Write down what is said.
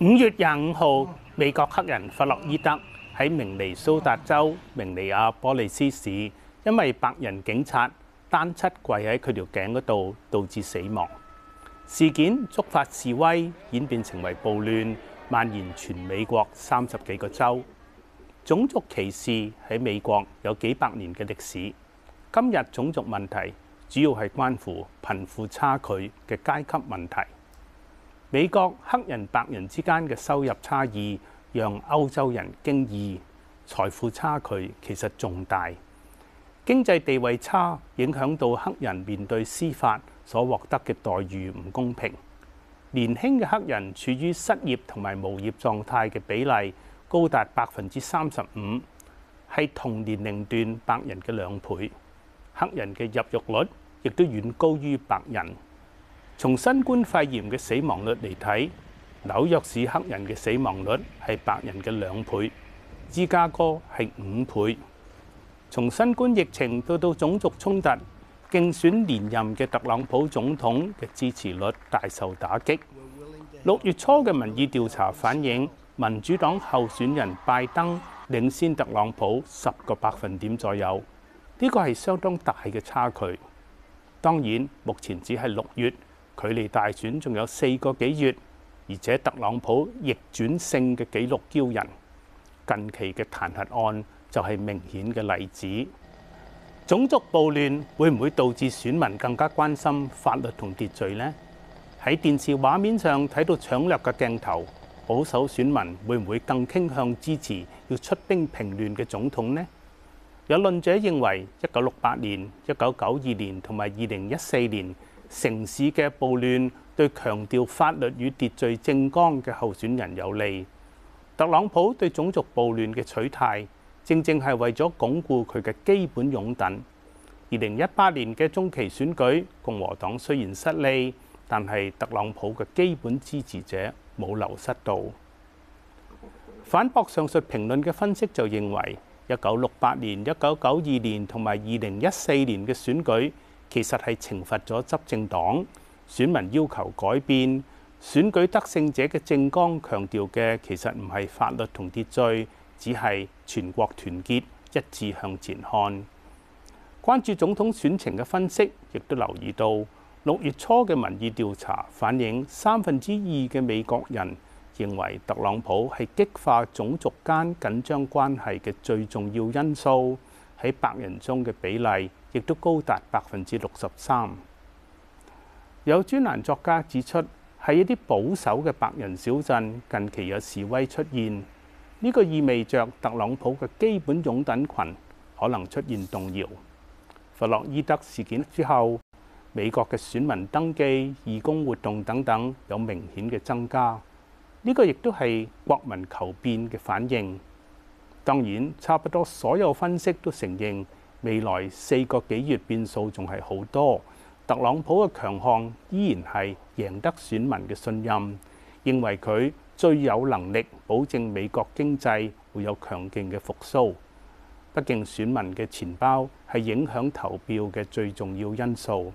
五月廿五號，美國黑人弗洛伊德喺明尼蘇達州明尼亞波利斯市，因為白人警察單膝跪喺佢條頸嗰度，導致死亡。事件觸發示威，演變成為暴亂，蔓延全美國三十幾個州。種族歧視喺美國有幾百年嘅歷史。今日種族問題，主要係關乎貧富差距嘅階級問題。美國黑人白人之間嘅收入差異，讓歐洲人驚異。財富差距其實仲大，經濟地位差，影響到黑人面對司法所獲得嘅待遇唔公平。年輕嘅黑人處於失業同埋無業狀態嘅比例，高達百分之三十五，係同年齡段白人嘅兩倍。黑人嘅入獄率亦都遠高於白人。從新冠肺炎嘅死亡率嚟睇，紐約市黑人嘅死亡率係白人嘅兩倍，芝加哥係五倍。從新冠疫情到到種族衝突，競選連任嘅特朗普總統嘅支持率大受打擊。六月初嘅民意調查反映，民主黨候選人拜登領先特朗普十個百分點左右，呢個係相當大嘅差距。當然，目前只係六月。距離大選仲有四個幾月，而且特朗普逆轉勝嘅記錄驕人。近期嘅彈劾案就係明顯嘅例子。種族暴亂會唔會導致選民更加關心法律同秩序呢？喺電視畫面上睇到搶掠嘅鏡頭，保守選民會唔會更傾向支持要出兵平亂嘅總統呢？有論者認為，一九六八年、一九九二年同埋二零一四年，城市嘅暴亂對強調法律與秩序政綱嘅候選人有利。特朗普對種族暴亂嘅取態，正正係為咗鞏固佢嘅基本擁躉。二零一八年嘅中期選舉，共和黨雖然失利，但係特朗普嘅基本支持者冇流失到。反駁上述評論嘅分析就認為，一九六八年、一九九二年同埋二零一四年嘅選舉。其實係懲罰咗執政黨，選民要求改變，選舉得勝者嘅政綱強調嘅其實唔係法律同秩序，只係全國團結，一致向前看。關注總統選情嘅分析，亦都留意到六月初嘅民意調查反映，三分之二嘅美國人認為特朗普係激化種族間緊張關係嘅最重要因素。喺白人中嘅比例亦都高達百分之六十三。有專欄作家指出，喺一啲保守嘅白人小鎮近期有示威出現，呢個意味著特朗普嘅基本擁躉群可能出現動搖。弗洛伊德事件之後，美國嘅選民登記、義工活動等等有明顯嘅增加，呢個亦都係國民求變嘅反應。當然，差不多所有分析都承認未來四個幾月變數仲係好多。特朗普嘅強項依然係贏得選民嘅信任，認為佢最有能力保證美國經濟會有強勁嘅復甦。畢竟選民嘅錢包係影響投票嘅最重要因素。